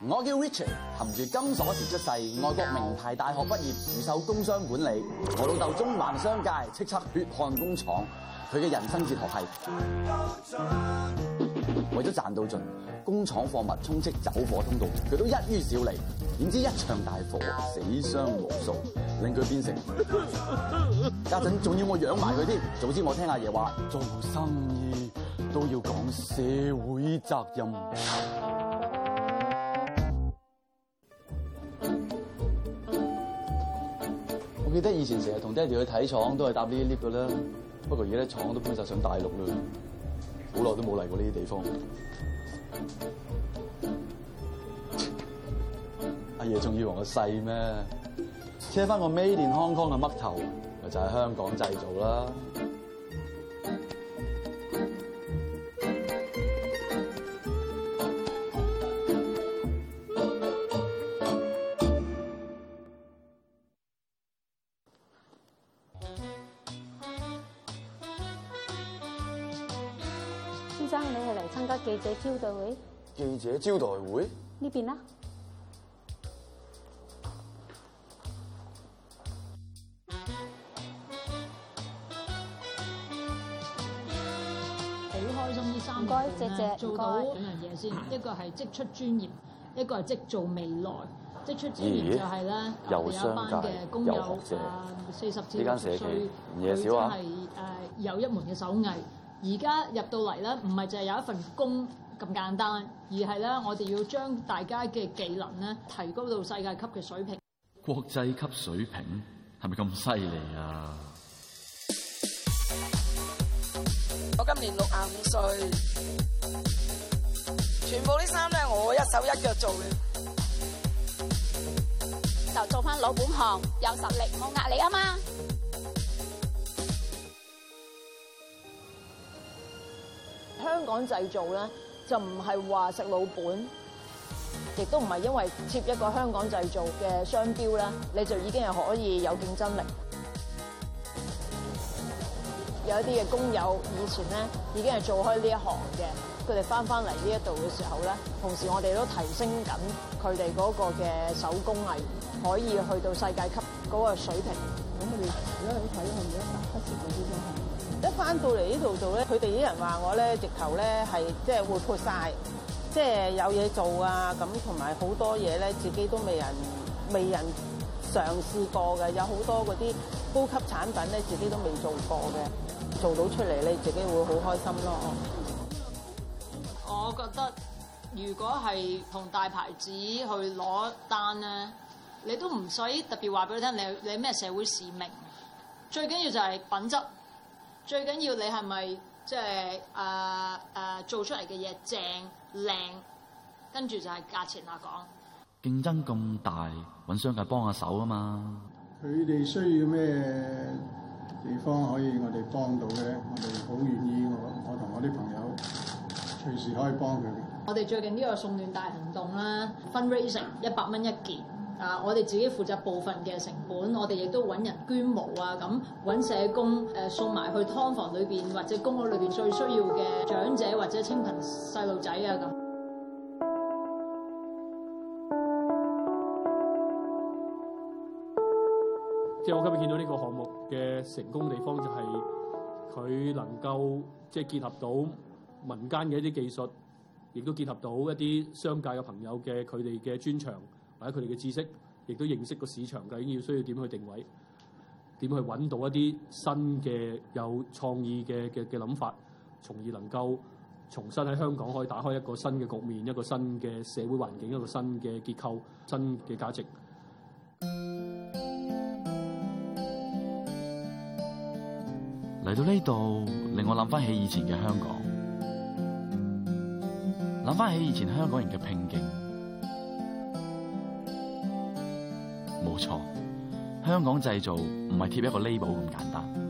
我叫 Richie，含住金鎖匙出世，外國名牌大學畢業，主修工商管理。我老豆縱橫商界，叱咤血汗工廠。佢嘅人生哲學係為咗賺到盡，工廠貨物充斥走火通道，佢都一於少理。點知一場大火，死傷無數，令佢變成家陣仲要我養埋佢添。早知我聽阿爺話，做生意都要講社會責任。記得以前成日同爹哋去睇廠，都係搭呢啲 lift 㗎啦。不過而家廠都搬晒上大陸啦，好耐都冇嚟過呢啲地方。阿爺仲以為我細咩？車翻個 Made in Hong Kong 嘅嘜頭，咪就係香港製造啦。你係嚟參加記者招待會？記者招待會？呢邊啦。好開心呢三個？唔該姐，謝謝。做到兩樣嘢先，的嗯、一個係織出專業，一個係織做未來。織出專業就係、是、咧，咦有一班嘅工友啊，四十至五十歲，佢真係誒有一門嘅手藝。啊。而家入到嚟咧，唔係淨係有一份工咁簡單，而係咧，我哋要將大家嘅技能咧提高到世界級嘅水平。國際級水平係咪咁犀利啊？我今年六十五歲，全部啲衫咧我一手一腳做嘅，就做翻老本行，有實力冇壓力啊嘛！香港製造咧，就唔係話食老本，亦都唔係因為貼一個香港製造嘅商標咧，你就已經係可以有競爭力。有一啲嘅工友以前咧已經係做開呢一行嘅，佢哋翻翻嚟呢一度嘅時候咧，同時我哋都提升緊佢哋嗰個嘅手工藝，可以去到世界級嗰個水平他們。咁我哋主要係睇一項有特色嘅呢種。一翻到嚟呢度做咧，佢哋啲人話我咧，直頭咧係即係活潑曬，即係有嘢做啊！咁同埋好多嘢咧，自己都未人未人嘗試過嘅，有好多嗰啲高級產品咧，自己都未做過嘅，做到出嚟咧，自己會好開心咯。我覺得如果係同大牌子去攞單咧，你都唔使特別話俾佢聽，你你咩社會使命，最緊要就係品質。最緊要你係咪即係誒誒做出嚟嘅嘢正靚，跟住就係價錢啊講。競爭咁大，搵商界幫下手啊嘛。佢哋需要咩地方可以我哋幫到嘅咧？我哋好願意我，我我同我啲朋友隨時可以幫佢。我哋最近呢個送暖大行動啦，fund raising 一百蚊一件。啊！我哋自己負責部分嘅成本，我哋亦都揾人捐毛啊，咁揾社工誒送埋去劏房裏邊或者公屋裏邊最需要嘅長者或者清貧細路仔啊咁。即係我今日見到呢個項目嘅成功地方，就係佢能夠即係結合到民間嘅一啲技術，亦都結合到一啲商界嘅朋友嘅佢哋嘅專長。喺佢哋嘅知識，亦都認識個市場究竟要需要點去定位，點去揾到一啲新嘅有創意嘅嘅嘅諗法，從而能夠重新喺香港可以打開一個新嘅局面，一個新嘅社會環境，一個新嘅結構，新嘅價值。嚟到呢度，令我諗翻起以前嘅香港，諗翻起以前香港人嘅拼勁。冇錯，香港製造唔係貼一個 label 咁簡單。